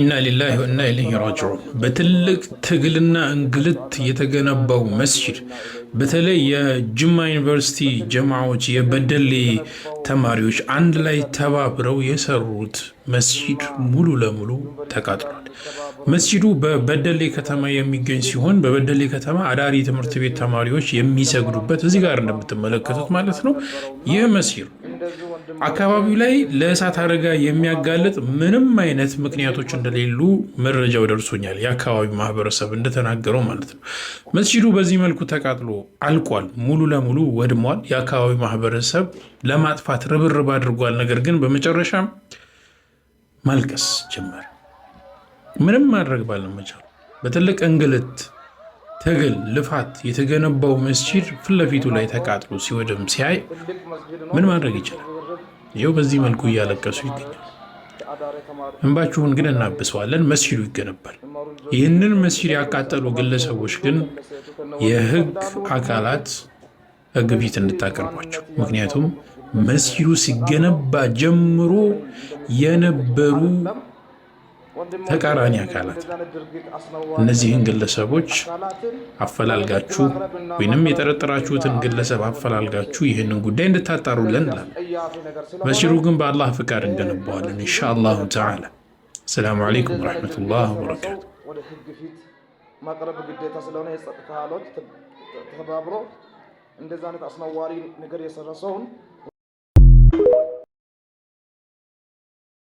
ኢና ሊላሂ ወኢና ኢለይሂ ራጅዑን። በትልቅ ትግልና እንግልት የተገነባው መስጂድ በተለይ የጅማ ዩኒቨርሲቲ ጀማዎች የበደሌ ተማሪዎች አንድ ላይ ተባብረው የሰሩት መስጂድ ሙሉ ለሙሉ ተቃጥሏል። መስጂዱ በበደሌ ከተማ የሚገኝ ሲሆን በበደሌ ከተማ አዳሪ ትምህርት ቤት ተማሪዎች የሚሰግዱበት እዚህ ጋር እንደምትመለከቱት ማለት ነው ይህ መስጂድ አካባቢው ላይ ለእሳት አደጋ የሚያጋልጥ ምንም አይነት ምክንያቶች እንደሌሉ መረጃው ደርሶኛል። የአካባቢው ማህበረሰብ እንደተናገረው ማለት ነው። መስጂዱ በዚህ መልኩ ተቃጥሎ አልቋል፣ ሙሉ ለሙሉ ወድሟል። የአካባቢው ማህበረሰብ ለማጥፋት ርብርብ አድርጓል። ነገር ግን በመጨረሻም ማልቀስ ጀመር፣ ምንም ማድረግ ባለመቻሉ በትልቅ እንግልት ትግል፣ ልፋት የተገነባው መስጂድ ፊት ለፊቱ ላይ ተቃጥሎ ሲወድም ሲያይ ምን ማድረግ ይችላል? ይኸው በዚህ መልኩ እያለቀሱ ይገኛል። እንባችሁን ግን እናብሰዋለን፣ መስጂዱ ይገነባል። ይህንን መስጂድ ያቃጠሉ ግለሰቦች ግን የህግ አካላት ህግ ፊት እንድታቀርቧቸው። ምክንያቱም መስጂዱ ሲገነባ ጀምሮ የነበሩ ተቃራኒ አካላት እነዚህን ግለሰቦች አፈላልጋችሁ ወይንም የጠረጠራችሁትን ግለሰብ አፈላልጋችሁ ይህንን ጉዳይ እንድታጣሩለን ላል መሲሩ ግን በአላህ ፍቃድ እንገነባዋለን ኢንሻአላሁ ተዓላ። አሰላሙ አለይኩም ወረሕመቱላህ ወበረካቱ። ወደ ህግ ፊት ማቅረብ ግዴታ ስለሆነ የጸጥታ ኃይሎች ተባብሮ እንደዛ አይነት አስነዋሪ ነገር የሰራ